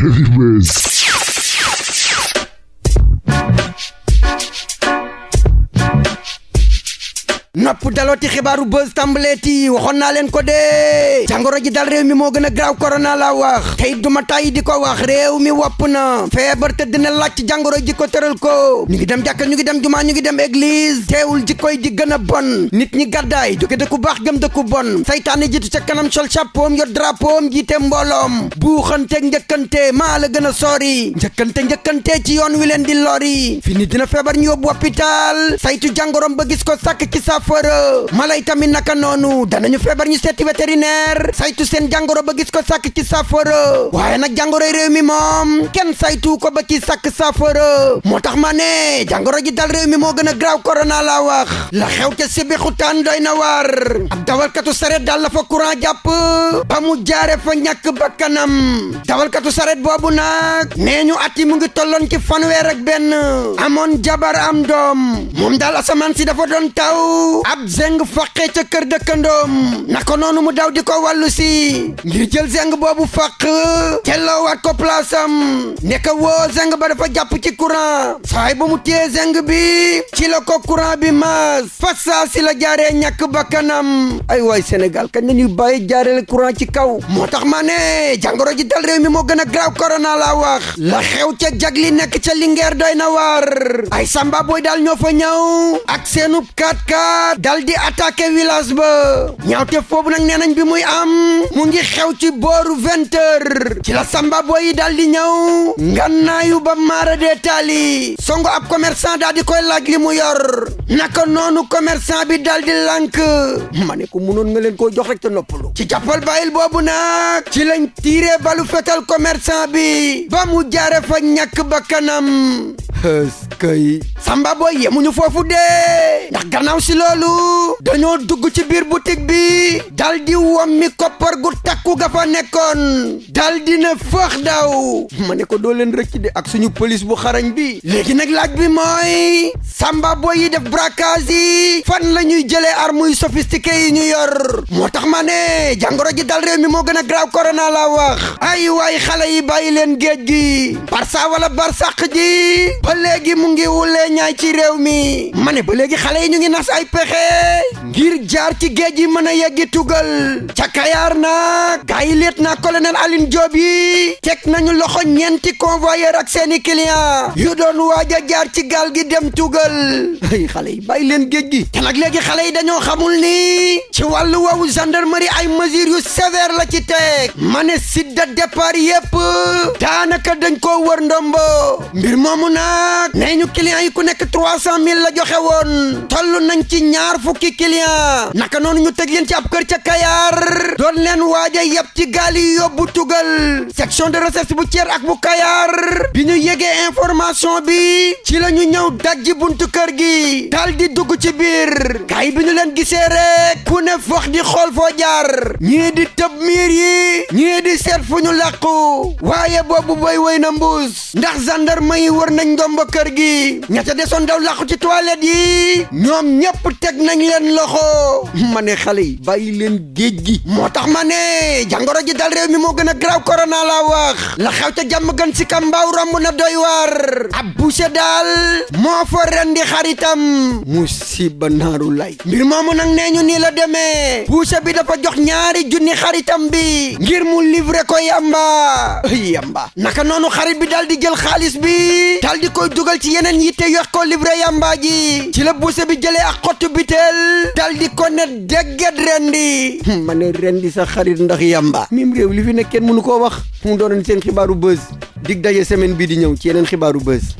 Heavyweights. nopp dalooti xibaaru buzz tàmbaleeti waxoon naa leen ko dee jangoro ji dal réew mi moo gën a graaw korona la wax tey duma tàyyi di ko wax réew mi wopp na feebar tëdd na laaj jàngoro ji ko tëral ko ñu ngi dem jàkka ñu ngi dem jumaa ñu ngi dem église teewul ji koy ji gën a bon nit ñi gàddaay jóge dëkku baax gëm dëkku bon saytaane jiitu ca kanam sol chapeau yor drapeau jiite mbooloom buuxanteeg njëkkante maa la gën a sori njëkkante njëkkante ci yoon wi leen di lori fi nit dina feebar ñu yóbbu hôpital ba gis ko saafara mala yi tamit naka noonu danañu feebar ñu seeti vétérinaire saytu seen jàngoro ba gis ko sakk ci saafara waaye nag jàngoroy réew mi moom kenn saytu ko ba kii sakk sàkk saafara moo tax ma ne jàngoro ji dal réew mi moo gën a graaw corona la wax la xew ca Sébikotane doy na war ab dawalkatu saret daal la fa courant jàpp a mu jaare fa ñàkk bakkanam dawalkatu saret boobu nag nee ñu at yi mu ngi tolloon ci fanweer ak benn amoon jabar am doom moom daal asamaan si ab zeng faqe ca kër dëkkandoom ko noonu mu daw di ko wàllu si ngir jël zeng boobu faq telloowaat ko place am nekk woo zeng ba dafa jàpp ci courant saay ba mu téye zeng bi ci la ko courant bi maas fassa si la jaaree ñàkk bakkanam ay waay Sénégal kañ la ñuy bàyyi jaareel courant ci kaw moo tax ma ne jàngoro ji dal réew mi moo gën a graaw corona laa wax la xew ca jagli nekk ca Linguère doy na waar ay samba booy daal ñoo fa ñëw ak seenub 4 dal di attaqué village ba ñaawte foofu nag nee nañ bi muy am mu ngi xew ci booru vingt heures ci la samba boy yi dal di ñëw ngannaayu ba maara dee taali songo ab commerçant daal di koy laaj li mu yor naka noonu commerçant bi dal di lànk ma ne ko munoon nga leen koo jox rek te noppalu ci jàppal bàyyil boobu nag ci lañ tiire balu fetal commerçant bi ba mu jaare fa ñàkk ba kanam eskay samba boy yemuñu foofu dee ndax gannaaw si loolu dañoo dugg ci biir boutique bi dal di wammi koppar gu takku ga fa nekkoon dal di na fëx daw ma ne ko doo leen rëcc de ak suñu police bu xarañ bi léegi nag laaj bi mooy samba boy yi def braquage yi fan la ñuy jëlee armes yu sophistiqué yi ñu yor moo tax ma ne ji dal réew mi moo gën a grave corona laa wax ay way xale yi bàyyi leen géej gi barça wala barsàq ji ba léegi mu ngi wulee ñaay ci réew mi ma ne ba léegi xale yi ñu ngi nas ay pexe ngir jaar ci géej gi mën a yeggi tugal ca Kayaar nag gaa yi leet naa colonel yi teg nañu loxo ñeenti convoyeur ak seeni client yu doon waaj jaar ci gal gi dem tugal dugal ay xale leen géej gi te nag léegi xale yi dañoo xamul ni ci wàllu woowu gendarmerie ay mesures yu sévère la ci teg ma ne site de départ yépp daanaka dañ ko wër ndombo mbir moomu nag nee ñu clients yi ku nekk trois cent mille la joxe woon nañ ci ñaar fukki client naka noonu ñu tëj leen ci ab kër ca Kayar doon leen waaja yeb ci gaal yi yóbbu tugal section de recherche bu Thiès ak bu Kayar bi ñu yegee information bi ci la ñëw dajji bunt buntu kër gi dal di dugg ci biir kay bi leen gisee rek ku ne fox di xool foo jaar ñii di tëb miir yi ñii di seet fu ñu làqu waaye boobu boy woy na mbuus ndax gendarme yi wër nañ ndomba kër gi ña ca desoon daw làqu ci toilette yi ñoom ñépp teg nañ leen loxo ma ne xale yi bàyyi leen géej gi moo tax ma ne jàngoro ji dal réew mi moo gën a graw korona la wax la xew ca jàmm gën si kambaaw romb na doy waar ab boucher daal moo fa ren rendi xaritam musiba naaru lay mbir moomu nag nee ñu nii la demee puuse bi dafa jox ñaari junni xaritam bi ngir mu livrer ko yamba yamba naka noonu xarit bi daal di jël xaalis bi daal di koy dugal ci yeneen yitte yox ko livrer yamba ji ci la puuse bi jëlee a xottu biteel dal di ko ne dégget rendi hmm, ma ne rendi sa xarit ndax yamba mim réew li fi nekk kenn mënu koo wax mu doonoon seen xibaaru buzz dig daje semaine bii di ñëw ci yeneen xibaaru buzz